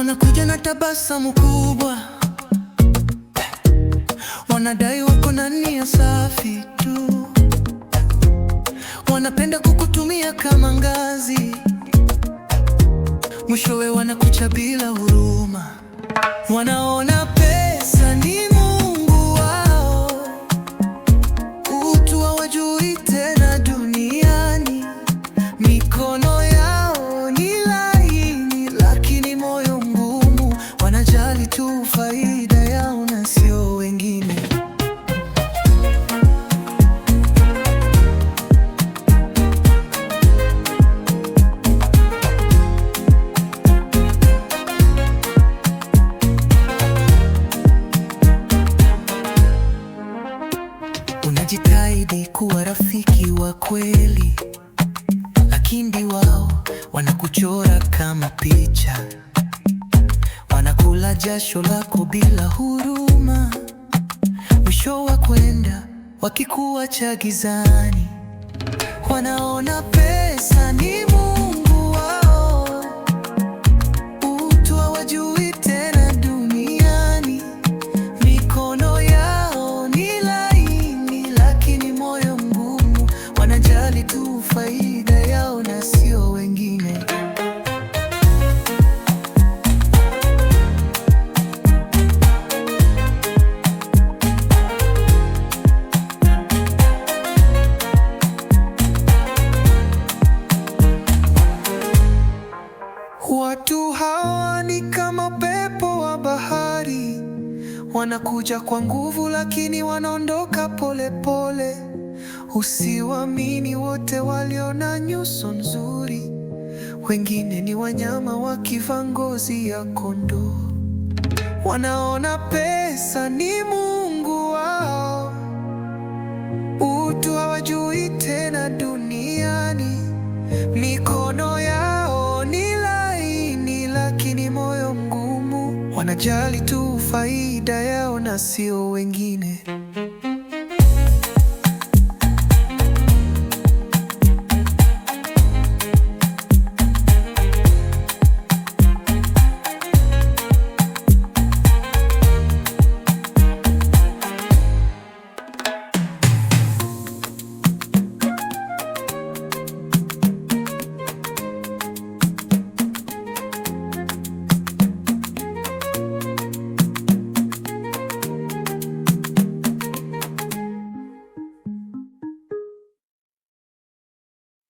wanakuja na tabasamu kubwa, wanadai wako na nia safi tu, wanapenda kukutumia kama ngazi, mwishowe wanakucha bila huruma, wanaona Tunajitahidi kuwa rafiki wa kweli, lakini wao wanakuchora kama picha, wanakula jasho lako bila huruma, mwisho wa kwenda wakikuacha gizani, wanaona pesa ni faida yao na sio wengine. Watu hawa ni kama pepo wa bahari, wanakuja kwa nguvu, lakini wanaondoka polepole pole. Usiwamini wote walio na nyuso nzuri, wengine ni wanyama wakivaa ngozi ya kondoo. Wanaona pesa ni mungu wao, utu hawajui tena duniani. Mikono yao ni laini, lakini moyo mgumu. Wanajali tu faida yao na sio wengine.